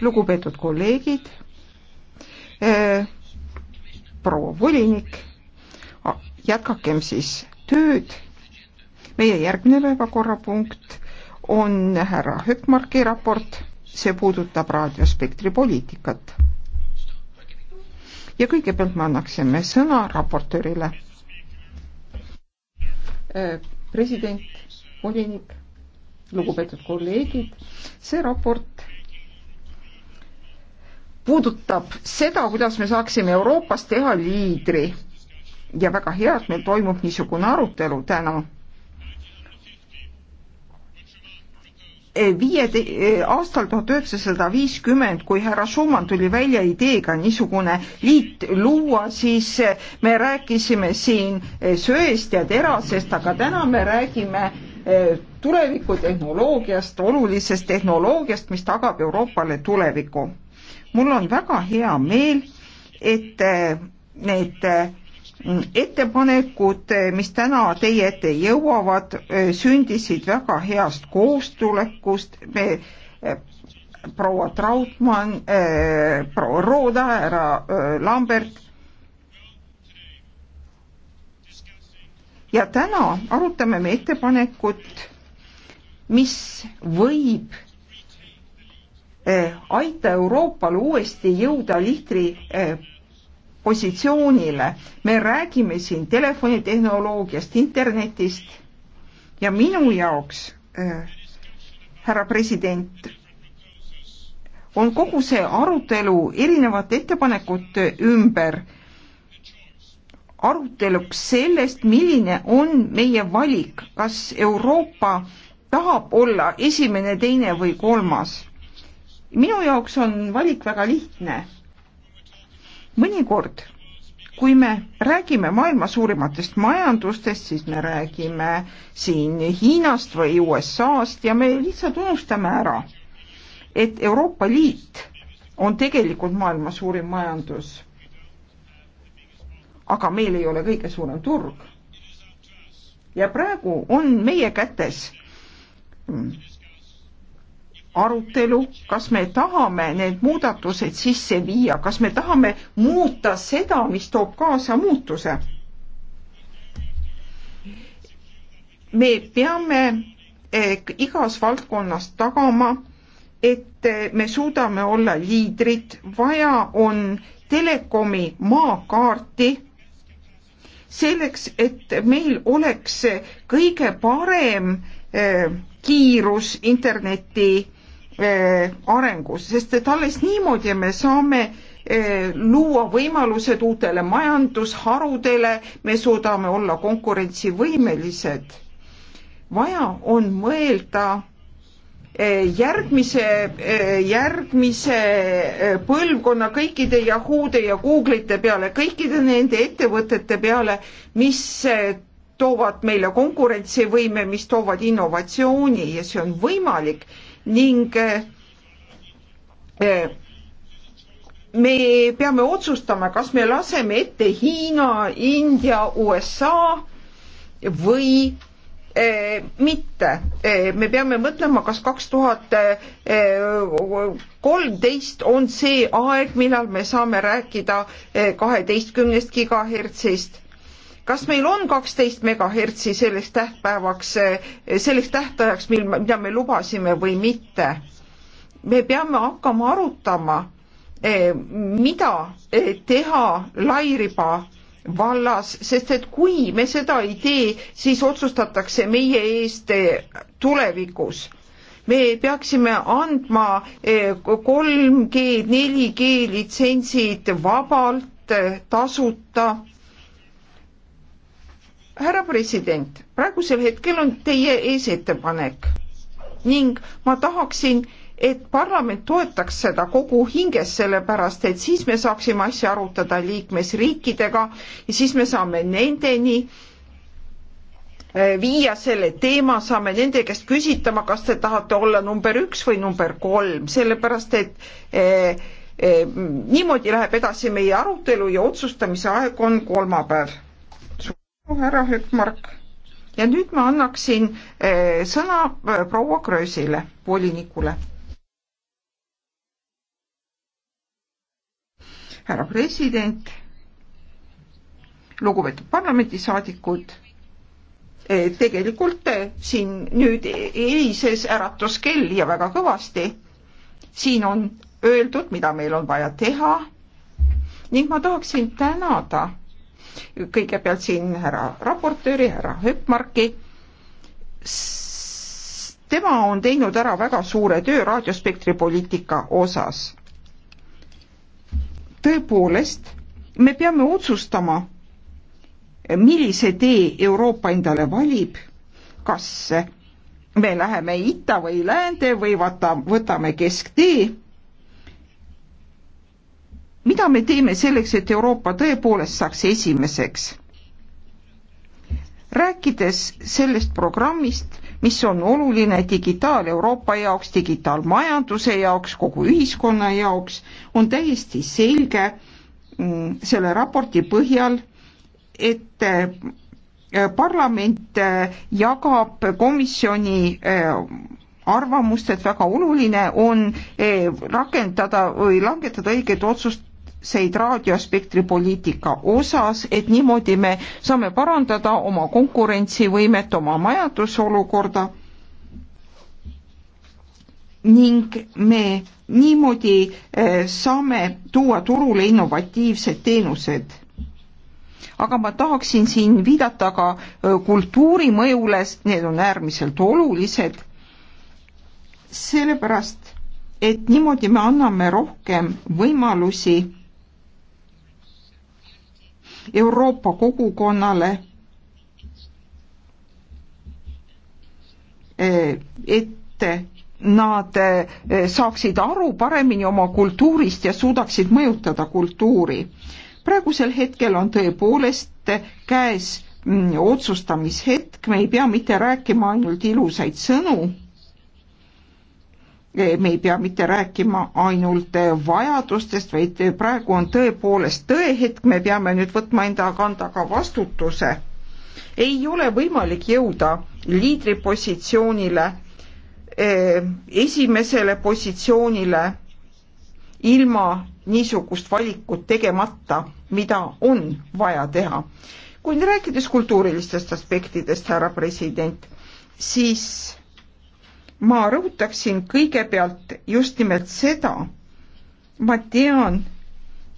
lugupeetud kolleegid, eh, proua volinik, jätkakem siis tööd. meie järgmine päevakorrapunkt on härra Hökmarki raport, see puudutab raadiospektri poliitikat. ja kõigepealt me annaksime sõna raportöörile. Eh, president, volinik lugupeetud kolleegid, see raport puudutab seda, kuidas me saaksime Euroopas teha liidri ja väga hea, et meil toimub niisugune arutelu täna. E, viie, e, aastal tuhat üheksasada viiskümmend, kui härra Schumann tuli välja ideega niisugune liit luua, siis me rääkisime siin e, söest ja terasest, aga täna me räägime tulevikutehnoloogiast, olulisest tehnoloogiast, mis tagab Euroopale tuleviku. mul on väga hea meel, et äh, need äh, ettepanekud, äh, mis täna teie ette jõuavad, sündisid väga heast koostulekust, me proua Trautmann, proua Rooda, härra Lambert. ja täna arutame me ettepanekut mis võib eh, aita Euroopal uuesti jõuda lihtri eh, positsioonile. me räägime siin telefonitehnoloogiast, internetist ja minu jaoks äh,, härra president, on kogu see arutelu erinevate ettepanekute ümber aruteluks sellest, milline on meie valik, kas Euroopa äh, tahab olla esimene, teine või kolmas. minu jaoks on valik väga lihtne. mõnikord, kui me räägime maailma suurimatest majandustest, siis me räägime siin Hiinast või USA-st ja me lihtsalt unustame ära, et Euroopa Liit on tegelikult maailma suurim majandus. aga meil ei ole kõige suurem turg. ja praegu on meie kätes arutelu, kas me tahame need muudatused sisse viia, kas me tahame muuta seda, mis toob kaasa muutuse. me peame eh, igas valdkonnas tagama, et eh, me suudame olla liidrid, vaja on telekomi maakaarti selleks, et meil oleks eh, kõige parem eh, kiirus interneti eh, arengus, sest et alles niimoodi me saame eh, luua võimalused uutele majandusharudele, me suudame olla konkurentsivõimelised. vaja on mõelda eh, järgmise, järgmise põlvkonna kõikide Yahoo'de ja Google'ite peale, kõikide nende ettevõtete peale, mis toovad meile konkurentsivõime, mis toovad innovatsiooni ja see on võimalik ning eh, me peame otsustama, kas me laseme ette Hiina, India, USA või eh, mitte, eh, me peame mõtlema, kas kaks tuhat kolmteist on see aeg, millal me saame rääkida kaheteistkümnest gigahertsist kas meil on kaksteist megahertsi selleks tähtpäevaks, selleks tähtajaks, mil, mida me lubasime või mitte? me peame hakkama arutama, eh, mida eh, teha lairiba vallas, sest et kui me seda ei tee, siis otsustatakse meie eest eh, tulevikus me peaksime andma 3G, 4G litsentsid vabalt, tasuta härra president, praegusel hetkel on teie ees ettepanek ning ma tahaksin, et parlament toetaks seda kogu hinges, sellepärast et siis me saaksime asja arutada liikmesriikidega ja siis me saame nendeni eh, viia selle teema, saame nende käest küsitama, kas te tahate olla number üks või number kolm, sellepärast et eh, eh, niimoodi läheb edasi meie arutelu ja otsustamise aeg on kolmapäev härra Hökmark ja nüüd ma annaksin eh, sõna eh, proua Kröösile, volinikule. härra president, lugupeetud parlamendisaadikud, eh, tegelikult siin nüüd eilises äratus kell ja väga kõvasti. siin on öeldud, mida meil on vaja teha ning ma tahaksin tänada kõigepealt siin härra raportööri, härra Höppmarki. tema on teinud ära väga suure töö raadiospektri poliitika osas. tõepoolest, me peame otsustama, millise tee Euroopa endale valib, kas me läheme itta või läände või vaata, võtame kesktee mida me teeme selleks, et Euroopa tõepoolest saaks esimeseks? rääkides sellest programmist, mis on oluline digitaal-Euroopa jaoks, digitaalmajanduse jaoks, kogu ühiskonna jaoks, on täiesti selge mm, selle raporti põhjal, et eh, parlament eh, jagab komisjoni eh, arvamust, et väga oluline on rakendada või langetada õigeid otsust tähtsaid raadiospektri poliitika osas, et niimoodi me saame parandada oma konkurentsivõimet, oma majandusolukorda ning me niimoodi eh, saame tuua turule innovatiivsed teenused. aga ma tahaksin siin viidata ka eh, kultuuri mõjule, need on äärmiselt olulised, sellepärast et niimoodi me anname rohkem võimalusi Euroopa kogukonnale, eh, et nad eh, saaksid aru paremini oma kultuurist ja suudaksid mõjutada kultuuri. praegusel hetkel on tõepoolest käes mm, otsustamishetk, me ei pea mitte rääkima ainult ilusaid sõnu me ei pea mitte rääkima ainult vajadustest, vaid praegu on tõepoolest tõehetk, me peame nüüd võtma enda kanda ka vastutuse. ei ole võimalik jõuda liidripositsioonile, eh, esimesele positsioonile ilma niisugust valikut tegemata, mida on vaja teha. kuid rääkides kultuurilistest aspektidest, härra president, siis ma rõhutaksin kõigepealt just nimelt seda, ma tean,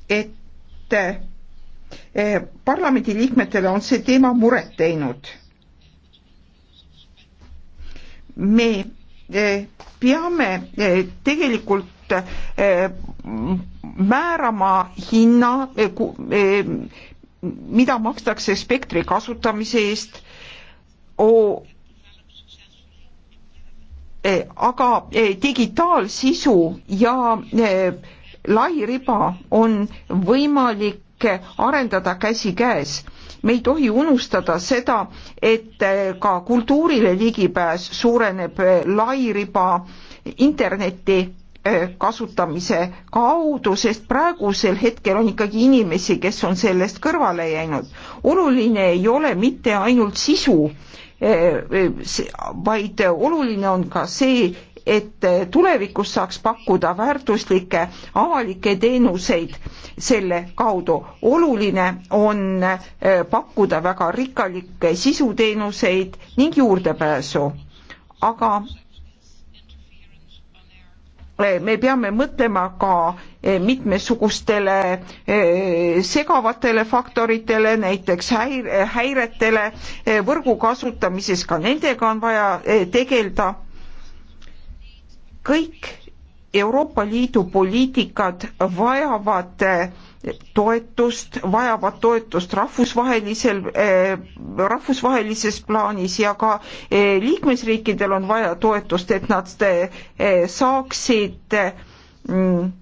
et eh, parlamendiliikmetele on see teema muret teinud. me eh, peame eh, tegelikult määrama hinna, mida makstakse spektri kasutamise eest, Eh, aga eh, digitaalsisu ja eh, lairiba on võimalik arendada käsikäes. me ei tohi unustada seda, et ka kultuurile ligipääs suureneb lairiba interneti kasutamise kaudu, sest praegusel hetkel on ikkagi inimesi, kes on sellest kõrvale jäänud. oluline ei ole mitte ainult sisu, vaid oluline on ka see, et tulevikus saaks pakkuda väärtuslikke avalikke teenuseid selle kaudu. oluline on eh, pakkuda väga rikkalikke sisuteenuseid ning juurdepääsu. aga me peame mõtlema ka eh, mitmesugustele eh, segavatele faktoritele, näiteks häire, häiretele eh, võrgu kasutamises, ka nendega on vaja tegeleda. kõik Euroopa Liidu poliitikad vajavad toetust, vajavad toetust rahvusvahelisel äh,, rahvusvahelises plaanis ja ka äh, liikmesriikidel on vaja toetust, et nad äh, saaksid mm,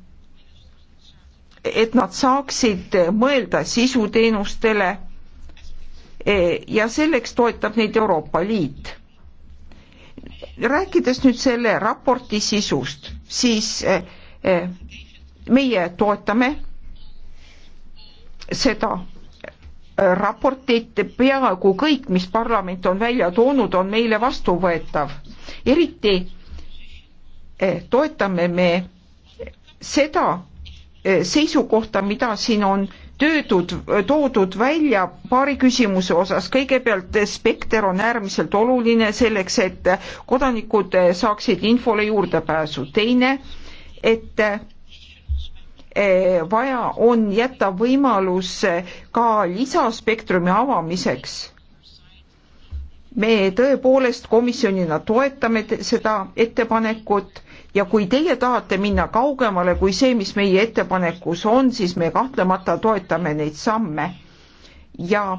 et nad saaksid mõelda sisuteenustele ja selleks toetab neid Euroopa Liit. rääkides nüüd selle raporti sisust, siis meie toetame seda äh, raportit, peaaegu kõik, mis parlament on välja toonud, on meile vastuvõetav. eriti äh, toetame me seda äh, seisukohta, mida siin on töödud, toodud välja paari küsimuse osas. kõigepealt spekter on äärmiselt oluline selleks, et kodanikud saaksid infole juurdepääsu. teine, et Eh, vaja on jätta võimalus eh, ka lisaspektrumi avamiseks. me tõepoolest komisjonina toetame seda ettepanekut ja kui teie tahate minna kaugemale kui see, mis meie ettepanekus on, siis me kahtlemata toetame neid samme ja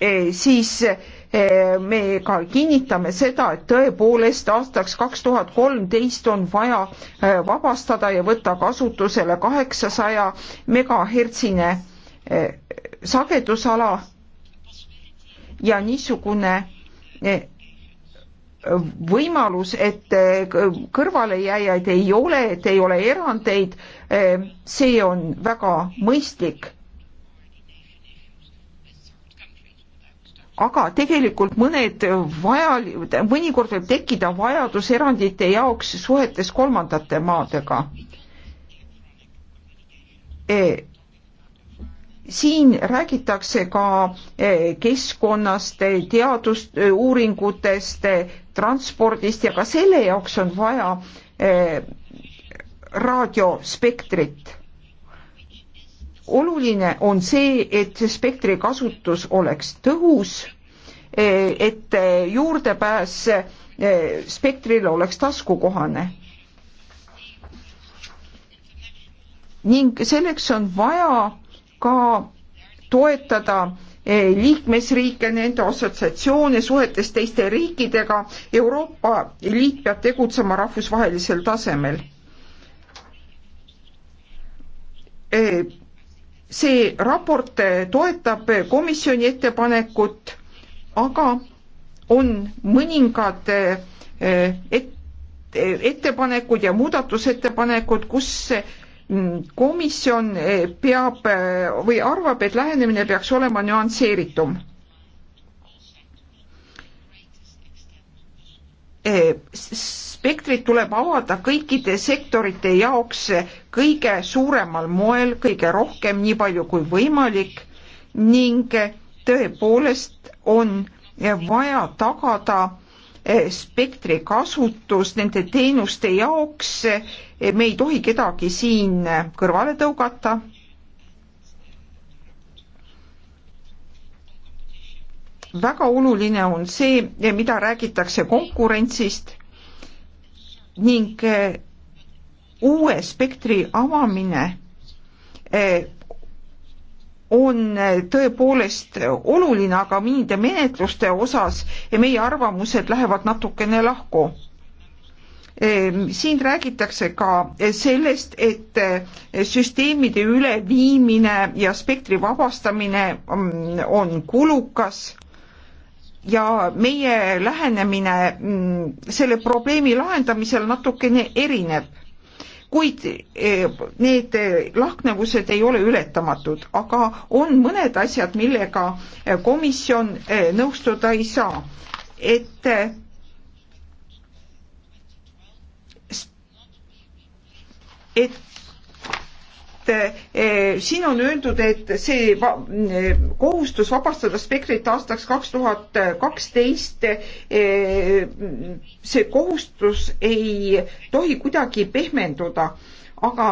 eh, siis Eh, me ka kinnitame seda, et tõepoolest aastaks kaks tuhat kolmteist on vaja eh, vabastada ja võtta kasutusele kaheksasaja megahertsine eh, sagedusala ja niisugune võimalus, et kõrvalejääjaid ei ole, et ei ole erandeid, see on väga mõistlik. aga tegelikult mõned vajal, mõnikord võib tekkida vajadus erandite jaoks suhetes kolmandate maadega e siin räägitakse ka e, keskkonnast, e, teadusuuringutest, e, transpordist ja ka selle jaoks on vaja raadiospektrit oluline on see, et see spektri kasutus oleks tõhus, et juurdepääs eh, spektrile oleks taskukohane. ning selleks on vaja ka toetada eh, liikmesriike, nende assotsiatsioone suhetes teiste riikidega. Euroopa Liit peab tegutsema rahvusvahelisel tasemel eh, see raport toetab komisjoni ettepanekut, aga on mõningad eh, et, ettepanekud ja muudatusettepanekud, kus mm, komisjon eh, peab eh, või arvab, et lähenemine peaks olema nüansseeritum Eh, spektrit tuleb avada kõikide sektorite jaoks kõige suuremal moel, kõige rohkem, nii palju kui võimalik ning tõepoolest on vaja tagada eh, spektri kasutus nende teenuste jaoks. Eh, me ei tohi kedagi siin kõrvale tõugata väga oluline on see, mida räägitakse konkurentsist ning eh, uue spektri avamine eh, on eh, tõepoolest oluline, aga mingite menetluste osas meie arvamused lähevad natukene lahku. Ehm, siin räägitakse ka sellest, et süsteemide üleviimine ja spektri vabastamine mm, on kulukas ja meie lähenemine mm, selle probleemi lahendamisel natukene erineb. kuid eh, need eh, lahknevused ei ole ületamatud, aga on mõned asjad, millega eh, komisjon nõustuda ei saa. et et Eh, siin on öeldud, et see eh, kohustus vabastada spektrit aastaks kaks tuhat eh, kaksteist, see kohustus ei tohi kuidagi pehmenduda, aga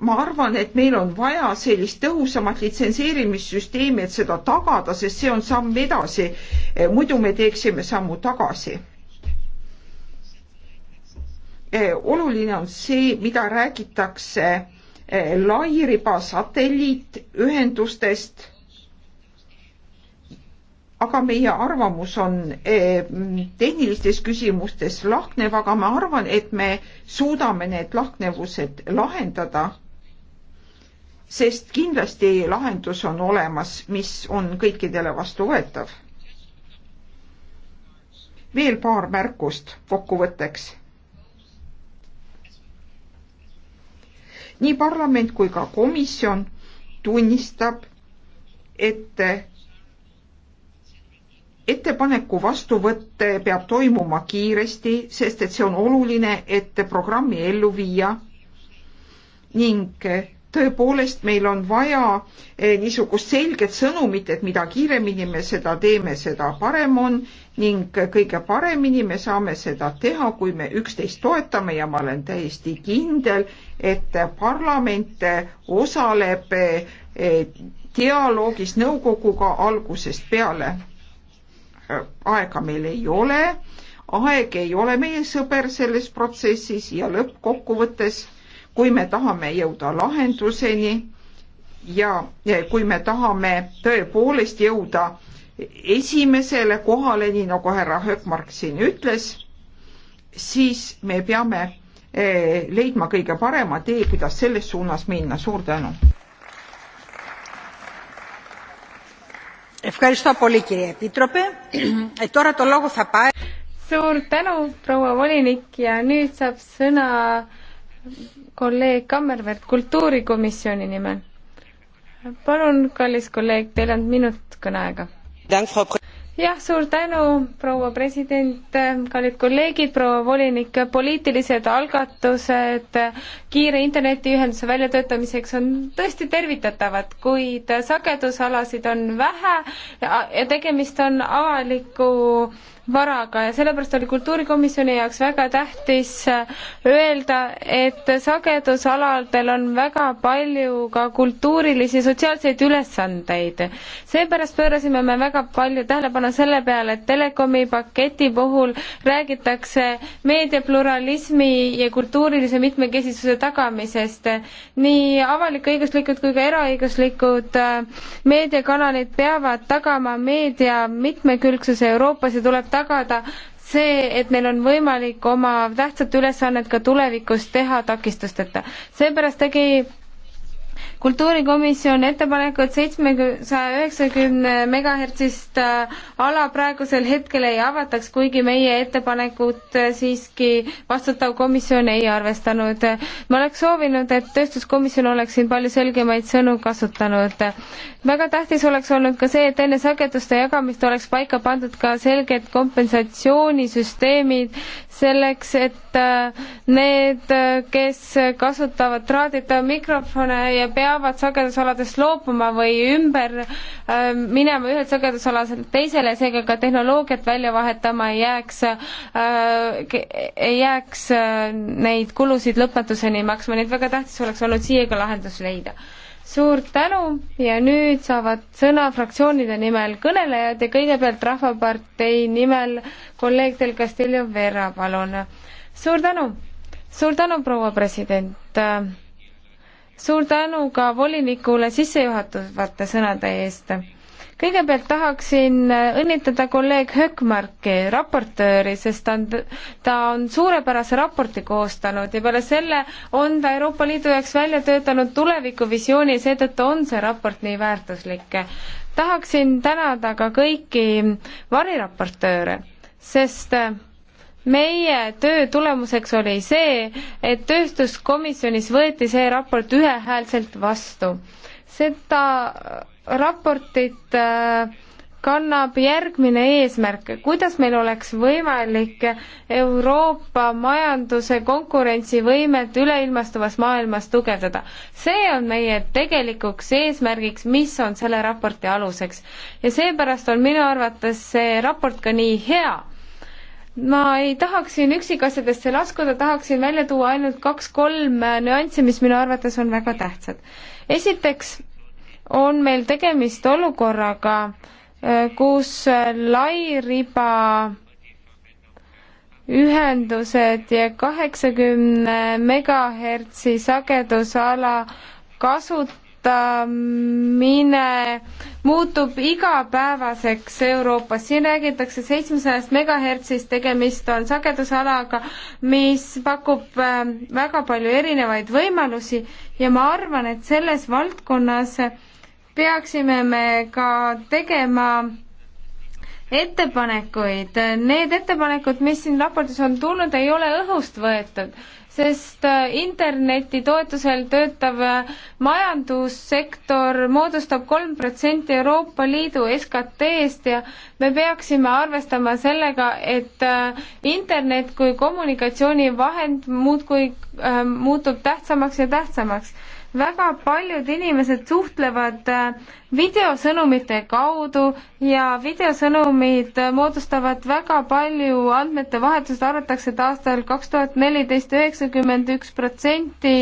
ma arvan, et meil on vaja sellist tõhusamat litsenseerimissüsteemi, et seda tagada, sest see on samm edasi. muidu me teeksime sammu tagasi Eh, oluline on see, mida räägitakse eh, lairiba satelliitühendustest. aga meie arvamus on eh, tehnilistes küsimustes lahknev, aga ma arvan, et me suudame need lahknevused lahendada. sest kindlasti lahendus on olemas, mis on kõikidele vastuvõetav. veel paar märkust kokkuvõtteks nii parlament kui ka komisjon tunnistab, et ettepaneku vastuvõtt peab toimuma kiiresti, sest et see on oluline, et programmi ellu viia ning tõepoolest meil on vaja eh, niisugust selget sõnumit, et mida kiiremini me seda teeme, seda parem on ning kõige paremini me saame seda teha, kui me üksteist toetame ja ma olen täiesti kindel, et parlament osaleb eh, dialoogis nõukoguga algusest peale. aega meil ei ole, aeg ei ole meie sõber selles protsessis ja lõppkokkuvõttes, kui me tahame jõuda lahenduseni ja kui me tahame tõepoolest jõuda esimesele kohale, nii nagu härra Höökmark siin ütles, siis me peame eh, leidma kõige parema tee, kuidas selles suunas minna, suur tänu. suur tänu, proua volinik ja nüüd saab sõna kolleeg Kammervert kultuurikomisjoni nimel. palun, kallis kolleeg, teil on minut kõneaega jah, suur tänu, proua president, kallid kolleegid, proua volinik, poliitilised algatused kiire internetiühenduse väljatöötamiseks on tõesti tervitatavad, kuid sagedusalasid on vähe ja tegemist on avaliku varaga ja sellepärast oli kultuurikomisjoni jaoks väga tähtis äh, öelda, et sagedusaladel on väga palju ka kultuurilisi sotsiaalseid ülesandeid. seepärast pöörasime me väga palju tähelepanu selle peale, et telekomi paketi puhul räägitakse meediapluralismi ja kultuurilise mitmekesisuse tagamisest. nii avalik-õiguslikud kui ka eraõiguslikud äh, meediakanalid peavad tagama meedia mitmekülgsuse Euroopas ja tuleb tagada see, et neil on võimalik oma tähtsat ülesannet ka tulevikus teha takistusteta. seepärast tegi kultuurikomisjon ettepanekut seitsmesaja üheksakümne megahertsist äh, ala praegusel hetkel ei avataks, kuigi meie ettepanekut äh, siiski vastutav komisjon ei arvestanud. ma oleks soovinud, et tööstuskomisjon oleks siin palju selgemaid sõnu kasutanud. väga tähtis oleks olnud ka see, et enne sageduste jagamist oleks paika pandud ka selged kompensatsioonisüsteemid selleks, et äh, need, kes kasutavad traadita mikrofone ja pea peavad sagedusaladest loobuma või ümber ähm, minema ühelt sagedusalaselt teisele, seega ka tehnoloogiat välja vahetama ei jääks, äh, ei jääks äh, neid kulusid lõpmatuseni maksma, nii et väga tähtis oleks olnud siia ka lahendus leida suur tänu ja nüüd saavad sõna fraktsioonide nimel kõnelejad ja kõigepealt Rahvapartei nimel kolleeg Del Castillo Vera, palun. suur tänu, suur tänu, proua president suur tänu ka volinikule sissejuhatavate sõnade eest. kõigepealt tahaksin õnnitleda kolleeg Höökmarki, raportööri, sest ta on, ta on suurepärase raporti koostanud ja peale selle on ta Euroopa Liidu jaoks välja töötanud tulevikuvisiooni ja seetõttu on see raport nii väärtuslik. tahaksin tänada ka kõiki variraportööre, sest meie töö tulemuseks oli see, et tööstuskomisjonis võeti see raport ühehäälselt vastu. seda raportit äh, kannab järgmine eesmärk, kuidas meil oleks võimalik Euroopa majanduse konkurentsivõimet üleilmastuvas maailmas tugevdada. see on meie tegelikuks eesmärgiks, mis on selle raporti aluseks. ja seepärast on minu arvates see raport ka nii hea ma ei tahaks siin üksikasjadesse laskuda, tahaksin välja tuua ainult kaks-kolm äh, nüanssi, mis minu arvates on väga tähtsad. esiteks on meil tegemist olukorraga, äh, kus äh, lairiba ühendused ja kaheksakümne megahertsi sagedusala kasut-, kasutamine muutub igapäevaseks Euroopas. siin räägitakse seitsmesajast megahertsist, tegemist on sagedusalaga, mis pakub ähm, väga palju erinevaid võimalusi ja ma arvan, et selles valdkonnas peaksime me ka tegema ettepanekuid. Need ettepanekud, mis siin raportis on tulnud, ei ole õhust võetud sest äh, interneti toetusel töötav äh, majandussektor moodustab kolm protsenti Euroopa Liidu SKT-st ja me peaksime arvestama sellega, et äh, internet kui kommunikatsioonivahend muudkui äh, muutub tähtsamaks ja tähtsamaks väga paljud inimesed suhtlevad äh, videosõnumite kaudu ja videosõnumid moodustavad väga palju andmete vahetust, arvatakse, et aastal kaks tuhat neliteist üheksakümmend üks protsenti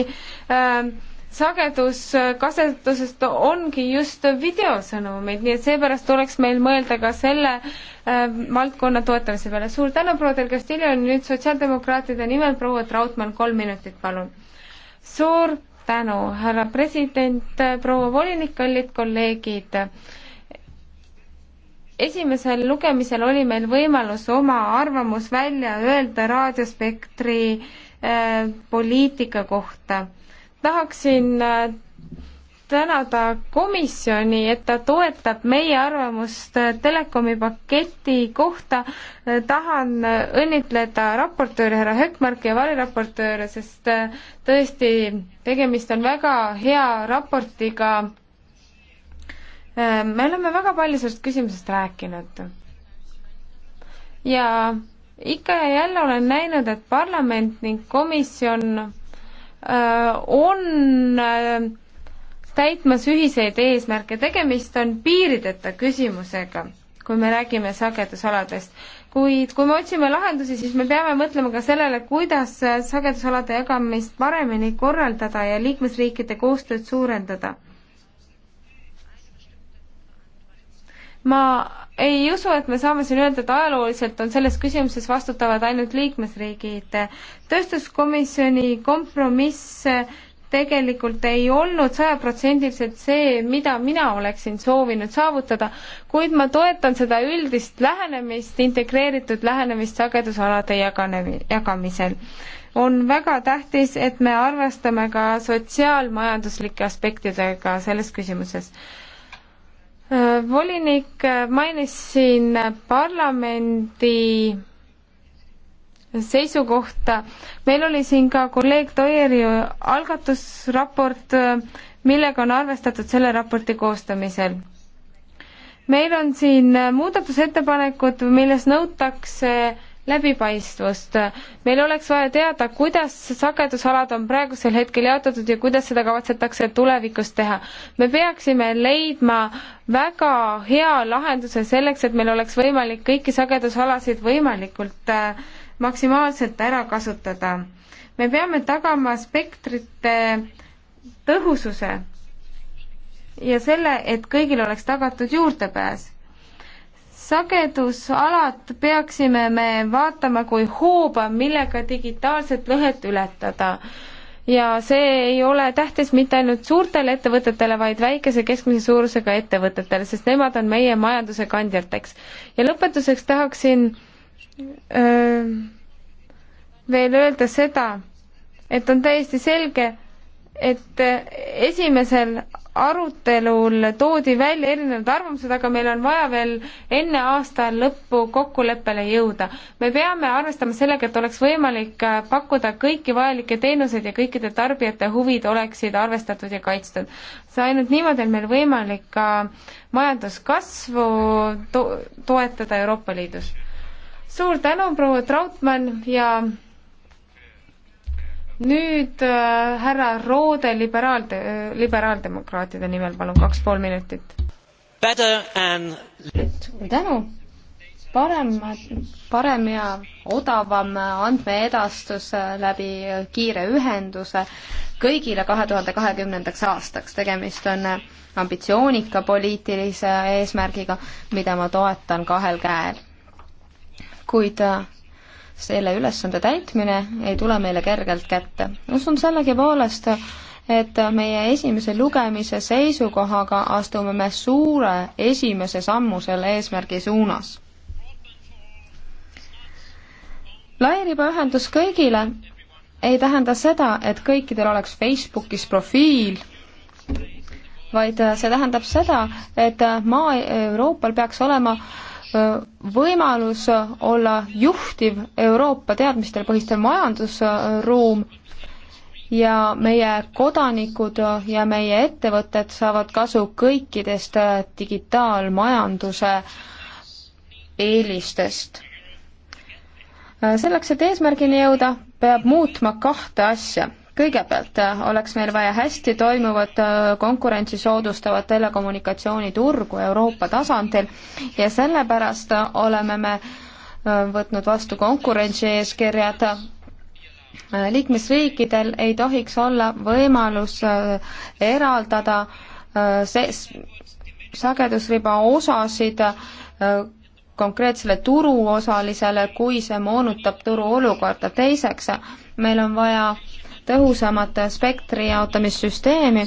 ähm, sageduskasutusest ongi just videosõnumid, nii et seepärast tuleks meil mõelda ka selle äh, valdkonna toetamise peale. suur tänu, proua Del Castillo, nüüd sotsiaaldemokraatide nimel proua Trautmann, kolm minutit, palun. suur tänu, härra president, proua volinik, kallid kolleegid. esimesel lugemisel oli meil võimalus oma arvamus välja öelda raadiospektri äh, poliitika kohta. tahaksin äh, tänada komisjoni, et ta toetab meie arvamust telekomi paketi kohta. tahan õnnitleda raportööri härra Hökmarki ja variraportööre, sest tõesti, tegemist on väga hea raportiga. me oleme väga palju sellest küsimusest rääkinud. ja ikka ja jälle olen näinud, et parlament ning komisjon äh, on äh, täitmas ühiseid eesmärke, tegemist on piirideta küsimusega, kui me räägime sagedusaladest. kuid kui me otsime lahendusi, siis me peame mõtlema ka sellele, kuidas sagedusalade jagamist paremini korraldada ja liikmesriikide koostööd suurendada. ma ei usu, et me saame siin öelda, et ajalooliselt on selles küsimuses vastutavad ainult liikmesriigid. tööstuskomisjoni kompromiss tegelikult ei olnud sajaprotsendiliselt see, mida mina oleksin soovinud saavutada, kuid ma toetan seda üldist lähenemist, integreeritud lähenemist sagedusalade jagane, jagamisel. on väga tähtis, et me arvestame ka sotsiaalmajanduslike aspektidega selles küsimuses äh, volinik äh, mainis siin äh, parlamendi seisukohta. meil oli siin ka kolleeg Toieri algatusraport, millega on arvestatud selle raporti koostamisel. meil on siin muudatusettepanekud, milles nõutakse läbipaistvust. meil oleks vaja teada, kuidas sagedusalad on praegusel hetkel jaotatud ja kuidas seda kavatsetakse tulevikus teha. me peaksime leidma väga hea lahenduse selleks, et meil oleks võimalik kõiki sagedusalasid võimalikult äh, maksimaalselt ära kasutada. me peame tagama spektrite tõhususe ja selle, et kõigil oleks tagatud juurdepääs. sagedusalad peaksime me vaatama kui hooba, millega digitaalset lõhet ületada ja see ei ole tähtis mitte ainult suurtele ettevõtetele, vaid väikese keskmise suurusega ettevõtetele, sest nemad on meie majanduse kandjateks. ja lõpetuseks tahaksin veel öelda seda, et on täiesti selge, et esimesel arutelul toodi välja erinevad arvamused, aga meil on vaja veel enne aasta lõppu kokkuleppele jõuda. me peame arvestama sellega, et oleks võimalik pakkuda kõiki vajalikke teenuseid ja kõikide tarbijate huvid oleksid arvestatud ja kaitstud. see ainult niimoodi on meil võimalik ka majanduskasvu to toetada Euroopa Liidus suur tänu, proua Trautmann ja nüüd äh, härra Roode liberaalde, liberaaldemokraatide nimel, palun kaks pool minutit. And... suur tänu. parem, parem ja odavam andmeedastus läbi kiire ühenduse kõigile kahe tuhande kahekümnendaks aastaks. tegemist on ambitsioonika poliitilise eesmärgiga, mida ma toetan kahel käel kuid äh, selle ülesande täitmine ei tule meile kergelt kätte. usun sellegipoolest, et meie esimese lugemise seisukohaga astume me suure esimese sammu selle eesmärgi suunas. lairibaühendus kõigile ei tähenda seda, et kõikidel oleks Facebookis profiil, vaid see tähendab seda, et maa Euroopal peaks olema äh, võimalus olla juhtiv Euroopa teadmistel põhistel majandusruum ja meie kodanikud ja meie ettevõtted saavad kasu kõikidest digitaalmajanduse eelistest. selleks, et eesmärgini jõuda, peab muutma kahte asja kõigepealt äh, oleks meil vaja hästi toimuvat äh, konkurentsi soodustavat telekommunikatsiooniturgu Euroopa tasandil ja sellepärast äh, oleme me võtnud vastu konkurentsieeskirjad. liikmesriikidel ei tohiks olla võimalus eraldada see sagedusriba osasid konkreetsele turuosalisele, kui see moonutab turuolukorda. teiseks, meil on vaja tõhusamat spektri jaotamissüsteemi,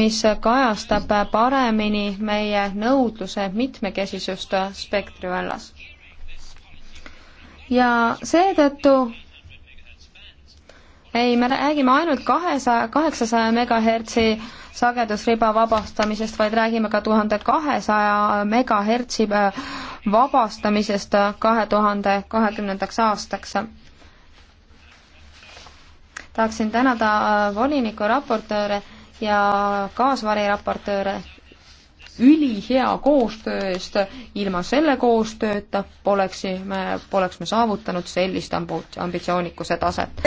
mis kajastab paremini meie nõudluse mitmekesisust spektri vallas. ja seetõttu ei, me räägime ainult kahesaja, kaheksasaja megahertsi sagedusriba vabastamisest, vaid räägime ka tuhande kahesaja megahertsi äh, vabastamisest kahe tuhande kahekümnendaks aastaks tahaksin tänada äh, voliniku raportööre ja kaasvariraportööre ülihea koostöö eest, ilma selle koostööta poleksime, poleks me saavutanud sellist ambitsioonikuse taset.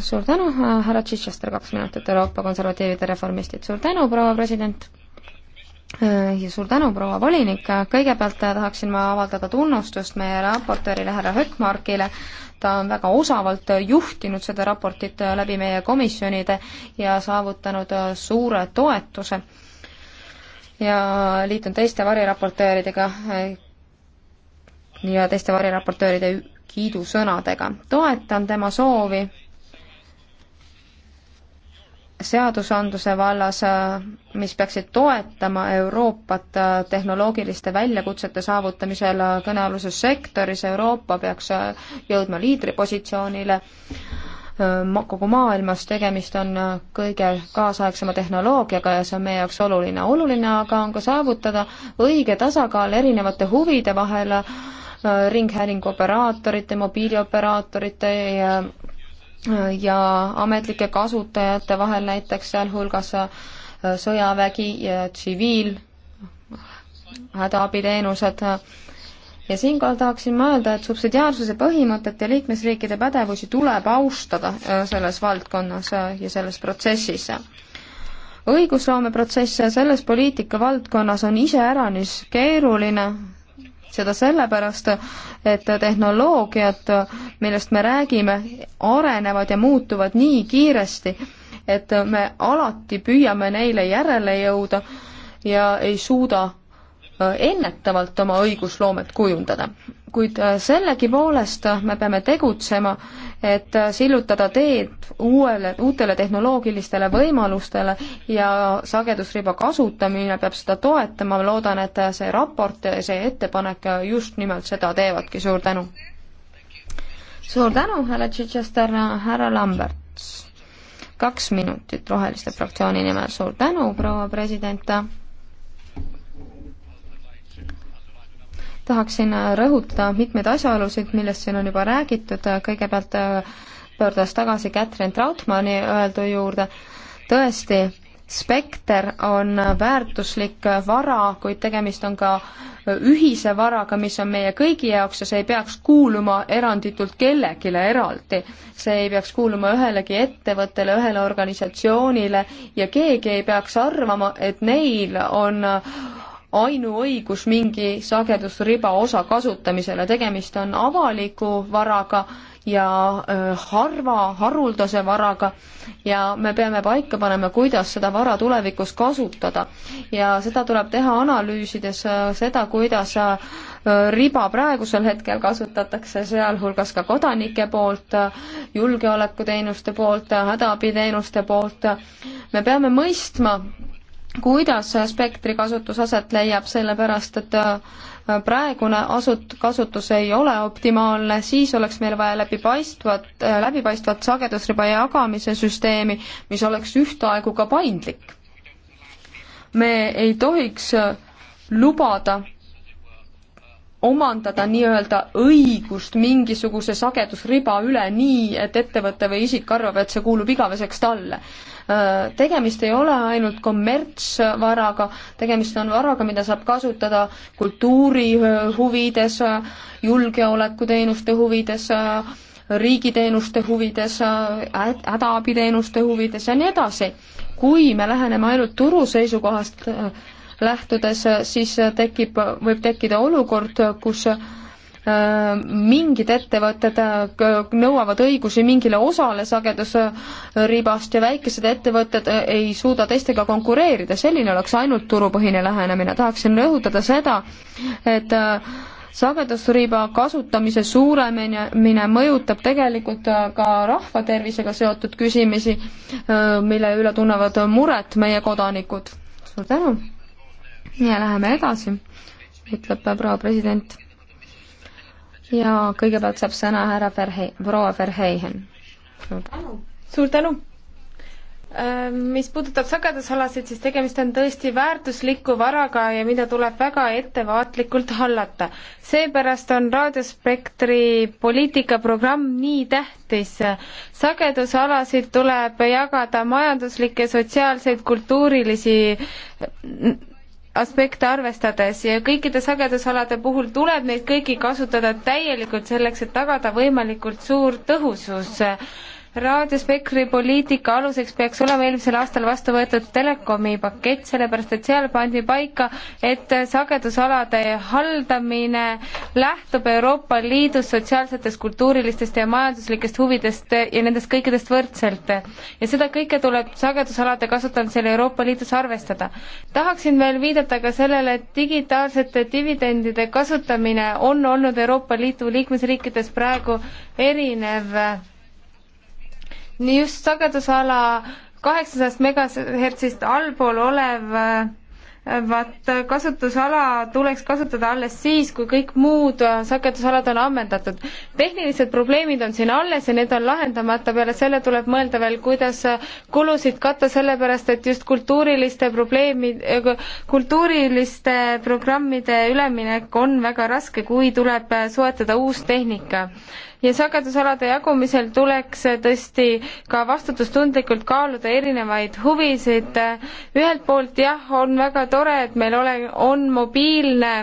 suur tänu, härra Chichester, kaks minutit, Euroopa konservatiivide reformistid, suur tänu, proua president Äh, ja suur tänu, proua volinik, kõigepealt äh, tahaksin ma avaldada tunnustust meie raportöörile härra Hökmarkile, ta on väga osavalt äh, juhtinud seda raportit läbi meie komisjonide ja saavutanud suure toetuse. ja liitun teiste variraportööridega ja teiste variraportööride kiidusõnadega. toetan tema soovi seadusandluse vallas, äh, mis peaksid toetama Euroopat äh, tehnoloogiliste väljakutsete saavutamisel äh, kõnealuses sektoris, Euroopa peaks jõudma liidripositsioonile kogu maailmas, tegemist on kõige kaasaegsema tehnoloogiaga ja see on meie jaoks oluline. oluline aga on ka saavutada õige tasakaal erinevate huvide vahel, ringhäälinguoperaatorite, mobiilioperaatorite ja ja ametlike kasutajate vahel näiteks sealhulgas äh, sõjavägi ja tsiviil hädaabiteenused ja siinkohal tahaksin ma öelda, et subsidiaarsuse põhimõtet ja liikmesriikide pädevusi tuleb austada äh, selles valdkonnas äh, ja selles protsessis. õigusloomeprotsess selles poliitika valdkonnas on iseäranis keeruline seda sellepärast, et tehnoloogiad, millest me räägime, arenevad ja muutuvad nii kiiresti, et me alati püüame neile järele jõuda ja ei suuda äh, ennetavalt oma õigusloomet kujundada kuid äh, sellegipoolest äh, me peame tegutsema, et äh, sillutada teed uuele, uutele tehnoloogilistele võimalustele ja sagedusriba kasutamine peab seda toetama, ma loodan, et see raport, see ettepanek just nimelt seda teevadki, suur tänu! suur tänu, härra Chichester, härra Lamberts! kaks minutit Roheliste fraktsiooni nimel, suur tänu, proua president! tahaksin rõhuta mitmeid asjaolusid, millest siin on juba räägitud, kõigepealt äh, pöördudes tagasi Catherine Trautmanni öeldu juurde, tõesti, spekter on väärtuslik vara, kuid tegemist on ka ühise varaga, mis on meie kõigi jaoks ja see ei peaks kuuluma eranditult kellelegi eraldi. see ei peaks kuuluma ühelegi ettevõttele, ühele organisatsioonile ja keegi ei peaks arvama, et neil on ainuõigus mingi sagedusriba osa kasutamisele, tegemist on avaliku varaga ja äh, harva, haruldase varaga ja me peame paika panema, kuidas seda vara tulevikus kasutada. ja seda tuleb teha analüüsides äh, seda, kuidas äh, riba praegusel hetkel kasutatakse, sealhulgas ka kodanike poolt, julgeolekuteenuste poolt, hädaabiteenuste poolt. me peame mõistma, kuidas spektri kasutus aset leiab, sellepärast et äh, praegune asut-, kasutus ei ole optimaalne, siis oleks meil vaja läbipaistvat, äh, läbipaistvat sagedusriba jagamise süsteemi, mis oleks ühtaegu ka paindlik. me ei tohiks äh, lubada omandada nii-öelda õigust mingisuguse sagedusriba üle nii, et ettevõte või isik arvab, et see kuulub igaveseks talle tegemist ei ole ainult kommertsvaraga, tegemist on varaga, mida saab kasutada kultuuri huvides, julgeolekuteenuste huvides, riigiteenuste huvides, hädaabiteenuste huvides ja nii edasi. kui me läheneme ainult turu seisukohast äh, lähtudes, äh, siis äh, tekib, võib tekkida olukord, kus mingid ettevõtted äh, nõuavad õigusi mingile osale sagedusribast ja väikesed ettevõtted äh, ei suuda teistega konkureerida, selline oleks ainult turupõhine lähenemine, tahaksin rõhutada seda, et äh, sagedusriba kasutamise suuremine mõjutab tegelikult ka rahvatervisega seotud küsimusi, mille üle tunnevad muret meie kodanikud. suur tänu ja läheme edasi, ütleb proua president ja kõigepealt saab sõna härra Verhe-, proua Verheyen. suur tänu! Äh, mis puudutab sagedusalasid, siis tegemist on tõesti väärtusliku varaga ja mida tuleb väga ettevaatlikult hallata. seepärast on raadiospektri poliitikaprogramm nii tähtis. sagedusalasid tuleb jagada majanduslikke, sotsiaalseid, kultuurilisi aspekte arvestades ja kõikide sagedusalade puhul tuleb neid kõiki kasutada täielikult selleks, et tagada võimalikult suur tõhusus äh, raadiospektri poliitika aluseks peaks olema eelmisel aastal vastu võetud telekomi pakett, sellepärast et seal pandi paika, et sagedusalade haldamine lähtub Euroopa Liidus sotsiaalsetest, kultuurilistest ja majanduslikest huvidest ja nendest kõikidest võrdselt. ja seda kõike tuleb sagedusalade kasutamisel Euroopa Liidus arvestada. tahaksin veel viidata ka sellele, et digitaalsete dividendide kasutamine on olnud Euroopa Liidu liikmesriikides praegu erinev nii just sagedusala kaheksasajast megahertsist allpool olev äh, vaat kasutusala tuleks kasutada alles siis, kui kõik muud äh, sagedusalad on ammendatud. tehnilised probleemid on siin alles ja need on lahendamata, peale selle tuleb mõelda veel, kuidas äh, kulusid katta, sellepärast et just kultuuriliste probleemi, kultuuriliste programmide üleminek on väga raske, kui tuleb soetada uus tehnika ja sagedusalade jagumisel tuleks äh, tõesti ka vastutustundlikult kaaluda erinevaid huvisid. ühelt poolt jah, on väga tore, et meil ole, on mobiilne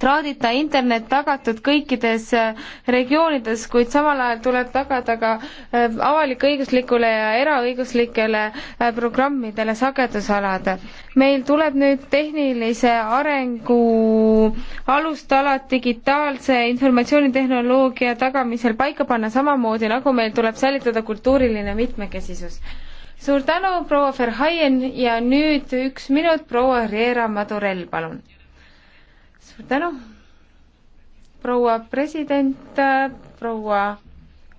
traadita internet tagatud kõikides äh, regioonides, kuid samal ajal tuleb tagada ka äh, avalik-õiguslikule ja eraõiguslikele äh, programmidele sagedusalad. meil tuleb nüüd tehnilise arengu alustalad digitaalse informatsioonitehnoloogia tagamisel paika panna samamoodi, nagu meil tuleb säilitada kultuuriline mitmekesisus. suur tänu, proua Verhaien ja nüüd üks minut, proua Riera Madurell, palun suur tänu, proua president, proua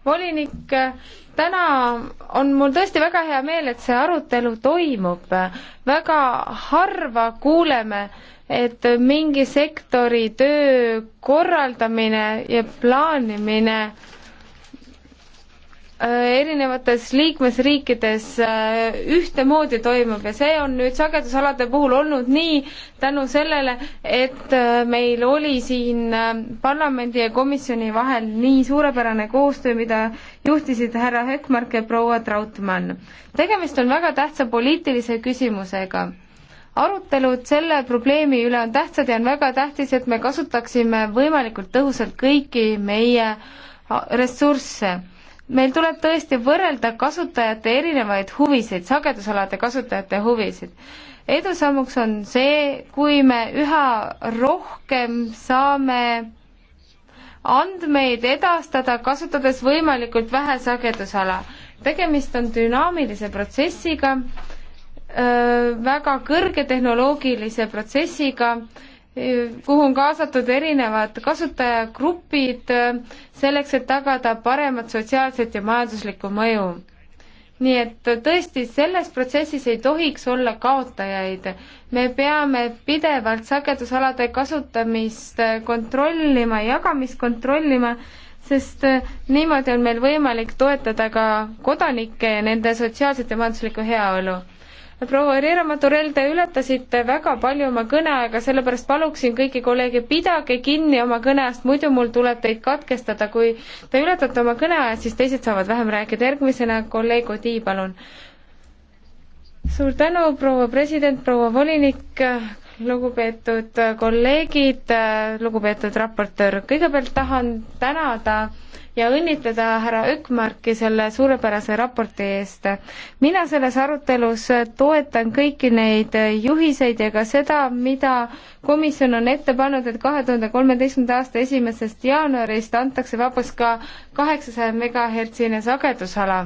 volinik, täna on mul tõesti väga hea meel, et see arutelu toimub. väga harva kuuleme, et mingi sektori töö korraldamine ja plaanimine Äh, erinevates liikmesriikides äh, ühtemoodi toimub ja see on nüüd sagedusalade puhul olnud nii tänu sellele, et äh, meil oli siin parlamendi ja komisjoni vahel nii suurepärane koostöö, mida juhtisid härra Hökmark ja proua Trautmann. tegemist on väga tähtsa poliitilise küsimusega arutelud selle probleemi üle on tähtsad ja on väga tähtis, et me kasutaksime võimalikult tõhusalt kõiki meie ressursse meil tuleb tõesti võrrelda kasutajate erinevaid huvisid, sagedusalade kasutajate huvisid. edusammuks on see, kui me üha rohkem saame andmeid edastada, kasutades võimalikult vähe sagedusala. tegemist on dünaamilise protsessiga, väga kõrgetehnoloogilise protsessiga kuhu on kaasatud erinevad kasutajagrupid äh, selleks, et tagada paremat sotsiaalset ja majanduslikku mõju. nii et tõesti, selles protsessis ei tohiks olla kaotajaid. me peame pidevalt sagedusalade kasutamist äh, kontrollima, jagamist kontrollima, sest äh, niimoodi on meil võimalik toetada ka kodanikke ja nende sotsiaalset ja majanduslikku heaolu proua Riina Maturel, te ületasite väga palju oma kõneaega, sellepärast paluksin kõiki kolleege, pidage kinni oma kõneajast, muidu mul tuleb teid katkestada, kui te ületate oma kõneaja, siis teised saavad vähem rääkida. järgmisena kolleeg Odi, palun. suur tänu, proua president, proua volinik, lugupeetud kolleegid, lugupeetud raportöör, kõigepealt tahan tänada ja õnnitleda härra Ökmarki selle suurepärase raporti eest. mina selles arutelus toetan kõiki neid juhiseid ja ka seda, mida komisjon on ette pannud, et kahe tuhande kolmeteistkümnenda aasta esimesest jaanuarist antakse vabaks ka kaheksasaja megahertsine sagedusala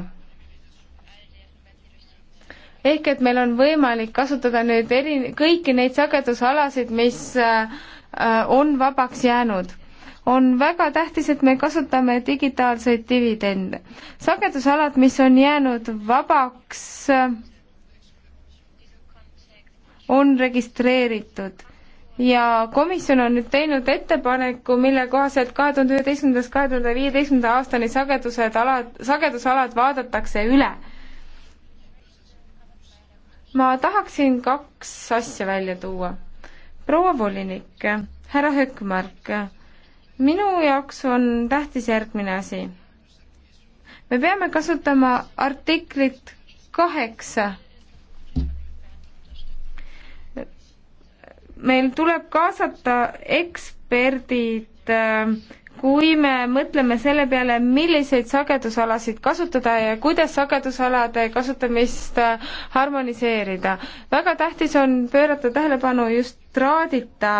ehk et meil on võimalik kasutada nüüd eri, kõiki neid sagedusalasid, mis äh, äh, on vabaks jäänud. on väga tähtis, et me kasutame digitaalseid dividende. sagedusalad, mis on jäänud vabaks, äh, on registreeritud ja komisjon on nüüd teinud ettepaneku, mille kohaselt kahe tuhande üheteistkümnendast kahe tuhande viieteistkümnenda aastani sagedused alad, sagedusalad vaadatakse üle ma tahaksin kaks asja välja tuua. proua volinik, härra Hökmark, minu jaoks on tähtis järgmine asi. me peame kasutama artiklit kaheksa meil tuleb kaasata eksperdid äh, kui me mõtleme selle peale, milliseid sagedusalasid kasutada ja kuidas sagedusalade kasutamist äh, harmoniseerida. väga tähtis on pöörata tähelepanu just traadita